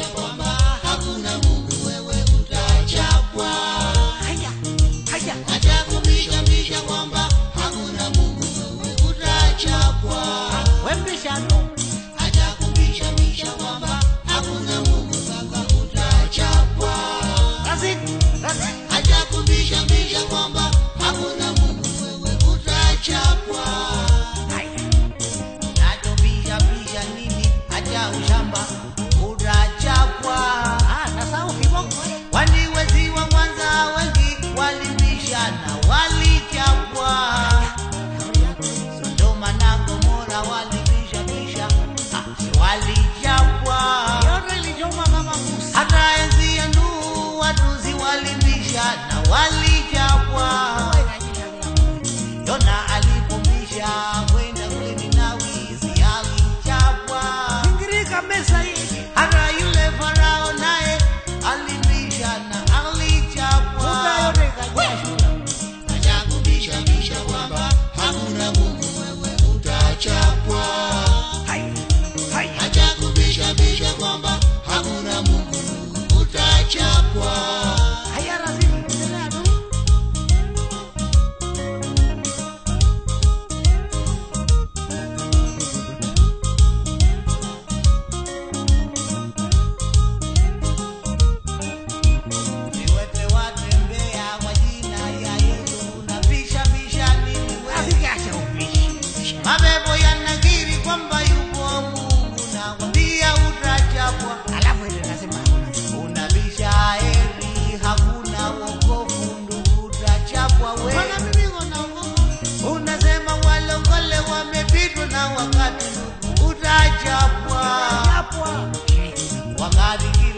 Shall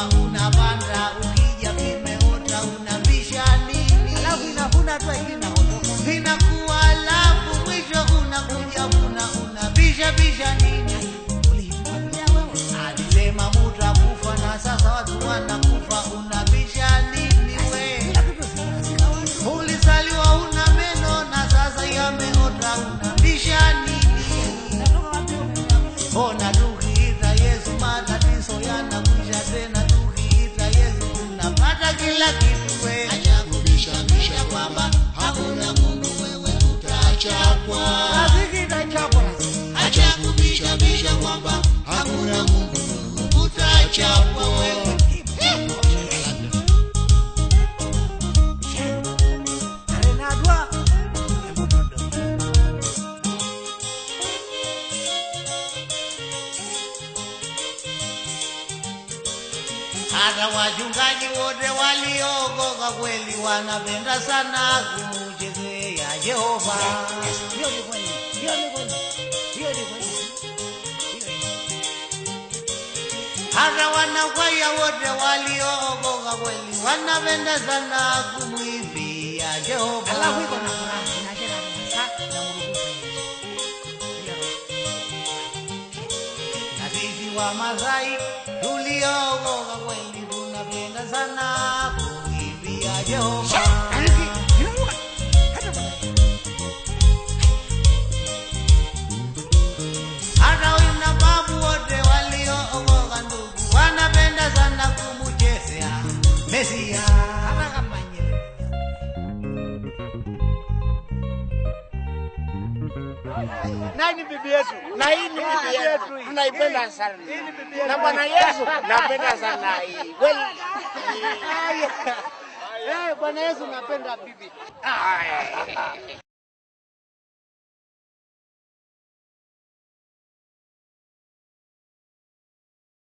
¡Gracias! chapwa kwamba hakuna Mungu utachapwa hata wachungaji wote waliokoka kweli wanapenda sana kumchezea Jehova. Wanakwaya wote waliogoga kweli wanapenda sana kumwimbia Jehova. Alafu iko na furaha na wa Masai tuliokoka kweli tunapenda sana kumwimbia Jehova. bibi yetu, na hii ni bibi yaani, yetu, tunaipenda sana na Bwana Yesu napenda sana hii kweli. Bwana Yesu napenda bibi